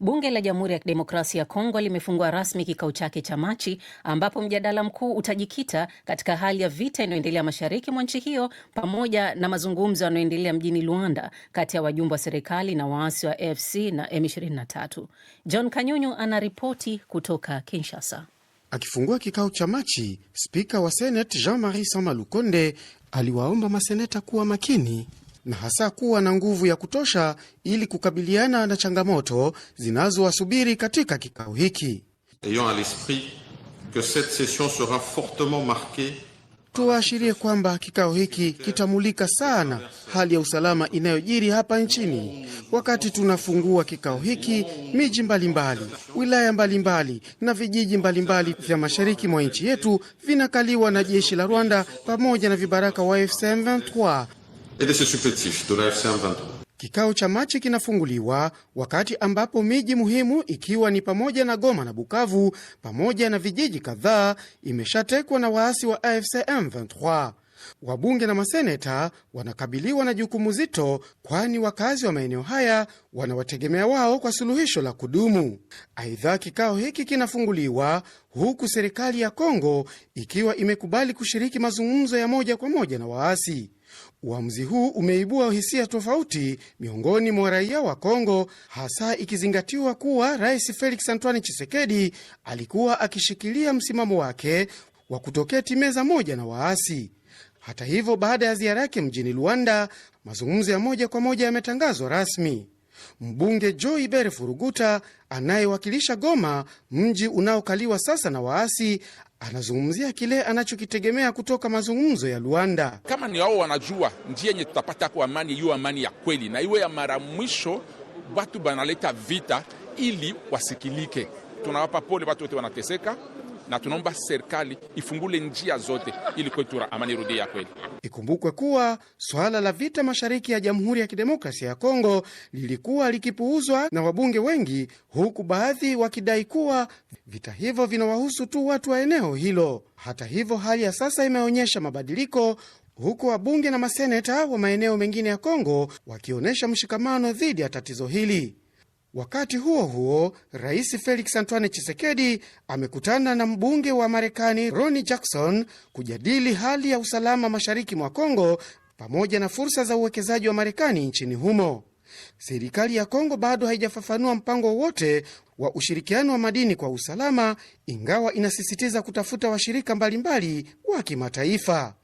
Bunge la Jamhuri ya Kidemokrasia ya Kongo limefungua rasmi kikao chake cha Machi ambapo mjadala mkuu utajikita katika hali ya vita inayoendelea mashariki mwa nchi hiyo pamoja na mazungumzo yanayoendelea mjini Luanda kati ya wajumbe wa serikali na waasi wa AFC na M23. John Kanyunyu anaripoti kutoka Kinshasa. Akifungua kikao cha Machi, spika wa Senate Jean-Marie Samalukonde aliwaomba maseneta kuwa makini na hasa kuwa na nguvu ya kutosha ili kukabiliana na changamoto zinazowasubiri katika kikao hiki. Tuwaashirie kwamba kikao hiki kitamulika sana hali ya usalama inayojiri hapa nchini. Wakati tunafungua kikao hiki, miji mbalimbali, wilaya mbalimbali na vijiji mbalimbali vya mashariki mwa nchi yetu vinakaliwa na jeshi la Rwanda pamoja na vibaraka wa AFC Kikao cha Machi kinafunguliwa wakati ambapo miji muhimu ikiwa ni pamoja na Goma na Bukavu pamoja na vijiji kadhaa imeshatekwa na waasi wa AFC M23. Wabunge na maseneta wanakabiliwa na jukumu zito, kwani wakazi wa maeneo haya wanawategemea wao kwa suluhisho la kudumu. Aidha, kikao hiki kinafunguliwa huku serikali ya Kongo ikiwa imekubali kushiriki mazungumzo ya moja kwa moja na waasi. Uamuzi huu umeibua hisia tofauti miongoni mwa raia wa Kongo, hasa ikizingatiwa kuwa Rais Felix Antoine chisekedi alikuwa akishikilia msimamo wake wa kutoketi meza moja na waasi. Hata hivyo, baada ya ziara yake mjini Luanda, mazungumzo ya moja kwa moja yametangazwa rasmi. Mbunge Joi Bere Furuguta anayewakilisha Goma, mji unaokaliwa sasa na waasi, anazungumzia kile anachokitegemea kutoka mazungumzo ya Luanda. Kama ni wao wanajua njia yenye tutapata ako amani, hiyo amani ya kweli, na iwe ya mara mwisho watu banaleta vita ili wasikilike. Tunawapa pole watu wote wanateseka na tunaomba serikali ifungule njia zote ili kwetu amani rudi ya kweli. Ikumbukwe kuwa swala la vita mashariki ya Jamhuri ya Kidemokrasia ya Kongo lilikuwa likipuuzwa na wabunge wengi, huku baadhi wakidai kuwa vita hivyo vinawahusu tu watu wa eneo hilo. Hata hivyo, hali ya sasa imeonyesha mabadiliko huku wabunge na maseneta wa maeneo mengine ya Kongo wakionyesha mshikamano dhidi ya tatizo hili. Wakati huo huo, Rais Felix Antoine Chisekedi amekutana na mbunge wa Marekani roni Jackson kujadili hali ya usalama mashariki mwa Kongo pamoja na fursa za uwekezaji wa Marekani nchini humo. Serikali ya Kongo bado haijafafanua mpango wowote wa ushirikiano wa madini kwa usalama, ingawa inasisitiza kutafuta washirika mbalimbali wa, wa kimataifa.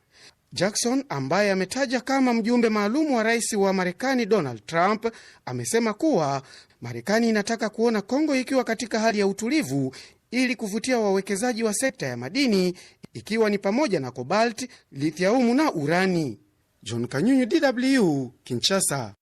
Jackson ambaye ametaja kama mjumbe maalum wa rais wa Marekani Donald Trump amesema kuwa Marekani inataka kuona Kongo ikiwa katika hali ya utulivu ili kuvutia wawekezaji wa sekta ya madini ikiwa ni pamoja na kobalti, lithiaumu na urani. John Kanyunyu, DW, Kinshasa.